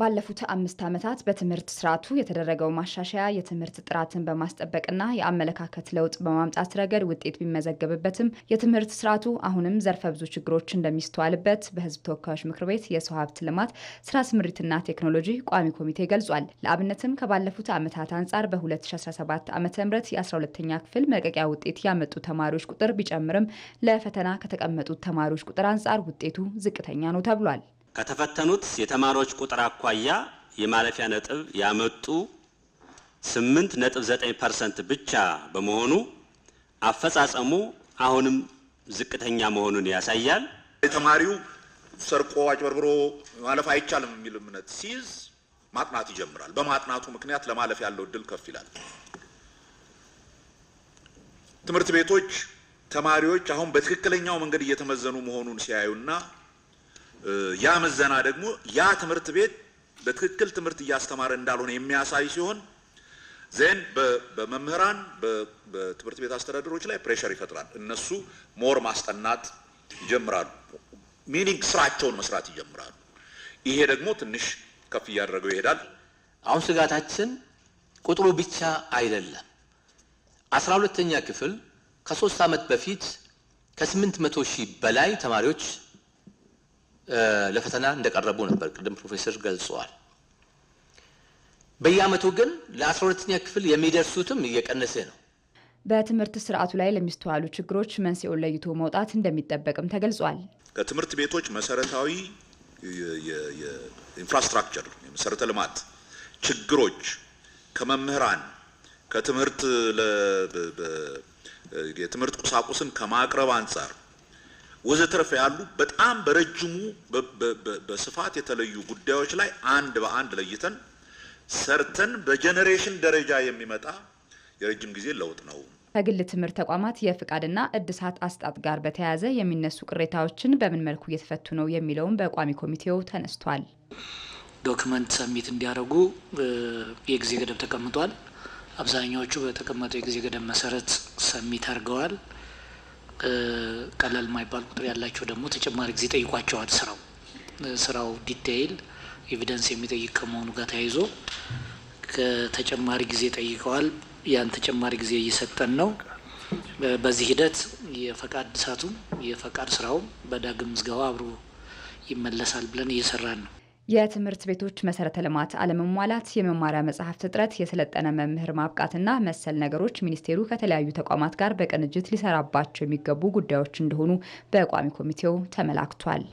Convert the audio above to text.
ባለፉት አምስት ዓመታት በትምህርት ስርዓቱ የተደረገው ማሻሻያ የትምህርት ጥራትን በማስጠበቅና የአመለካከት ለውጥ በማምጣት ረገድ ውጤት ቢመዘገብበትም የትምህርት ስርዓቱ አሁንም ዘርፈ ብዙ ችግሮች እንደሚስተዋልበት በሕዝብ ተወካዮች ምክር ቤት የሰው ሀብት ልማት ስራ ስምሪትና ቴክኖሎጂ ቋሚ ኮሚቴ ገልጿል። ለአብነትም ከባለፉት ዓመታት አንጻር በ2017 ዓ ም የ 12 ኛ ክፍል መልቀቂያ ውጤት ያመጡ ተማሪዎች ቁጥር ቢጨምርም ለፈተና ከተቀመጡት ተማሪዎች ቁጥር አንጻር ውጤቱ ዝቅተኛ ነው ተብሏል። ከተፈተኑት የተማሪዎች ቁጥር አኳያ የማለፊያ ነጥብ ያመጡ 8.9% ብቻ በመሆኑ አፈጻጸሙ አሁንም ዝቅተኛ መሆኑን ያሳያል። የተማሪው ሰርቆ አጭበርብሮ ማለፍ አይቻልም የሚል እምነት ሲይዝ ማጥናት ይጀምራል። በማጥናቱ ምክንያት ለማለፍ ያለው እድል ከፍ ይላል። ትምህርት ቤቶች ተማሪዎች አሁን በትክክለኛው መንገድ እየተመዘኑ መሆኑን ሲያዩና ያ ምዘና ደግሞ ያ ትምህርት ቤት በትክክል ትምህርት እያስተማረ እንዳልሆነ የሚያሳይ ሲሆን ዜን በመምህራን በትምህርት ቤት አስተዳደሮች ላይ ፕሬሸር ይፈጥራል። እነሱ ሞር ማስጠናት ይጀምራሉ። ሚኒንግ ስራቸውን መስራት ይጀምራሉ። ይሄ ደግሞ ትንሽ ከፍ እያደረገው ይሄዳል። አሁን ስጋታችን ቁጥሩ ብቻ አይደለም። አስራ ሁለተኛ ክፍል ከሶስት ዓመት በፊት ከስምንት መቶ ሺህ በላይ ተማሪዎች ለፈተና እንደቀረቡ ነበር ቅድም ፕሮፌሰር ገልጸዋል። በየዓመቱ ግን ለአስራ ሁለተኛ ክፍል የሚደርሱትም እየቀነሰ ነው። በትምህርት ስርዓቱ ላይ ለሚስተዋሉ ችግሮች መንስኤውን ለይቶ መውጣት እንደሚጠበቅም ተገልጿል። ከትምህርት ቤቶች መሰረታዊ ኢንፍራስትራክቸር የመሰረተ ልማት ችግሮች ከመምህራን ከትምህርት የትምህርት ቁሳቁስን ከማቅረብ አንጻር ወዘተረፈ ያሉ በጣም በረጅሙ በስፋት የተለዩ ጉዳዮች ላይ አንድ በአንድ ለይተን ሰርተን በጄኔሬሽን ደረጃ የሚመጣ የረጅም ጊዜ ለውጥ ነው። ከግል ትምህርት ተቋማት የፍቃድና እድሳት አስጣጥ ጋር በተያያዘ የሚነሱ ቅሬታዎችን በምን መልኩ እየተፈቱ ነው የሚለውም በቋሚ ኮሚቴው ተነስቷል። ዶክመንት ሰሚት እንዲያደርጉ የጊዜ ገደብ ተቀምጧል። አብዛኛዎቹ በተቀመጠው የጊዜ ገደብ መሰረት ሰሚት አድርገዋል። ቀላል የማይባል ቁጥር ያላቸው ደግሞ ተጨማሪ ጊዜ ጠይቋቸዋል። ስራው ስራው ዲቴይል ኤቪደንስ የሚጠይቅ ከመሆኑ ጋር ተያይዞ ከተጨማሪ ጊዜ ጠይቀዋል። ያን ተጨማሪ ጊዜ እየሰጠን ነው። በዚህ ሂደት የፈቃድ እድሳቱም የፈቃድ ስራውም በዳግም ምዝገባ አብሮ ይመለሳል ብለን እየሰራን ነው። የትምህርት ቤቶች መሰረተ ልማት አለመሟላት፣ የመማሪያ መጽሐፍት እጥረት፣ የሰለጠነ መምህር ማብቃትና መሰል ነገሮች ሚኒስቴሩ ከተለያዩ ተቋማት ጋር በቅንጅት ሊሰራባቸው የሚገቡ ጉዳዮች እንደሆኑ በቋሚ ኮሚቴው ተመላክቷል።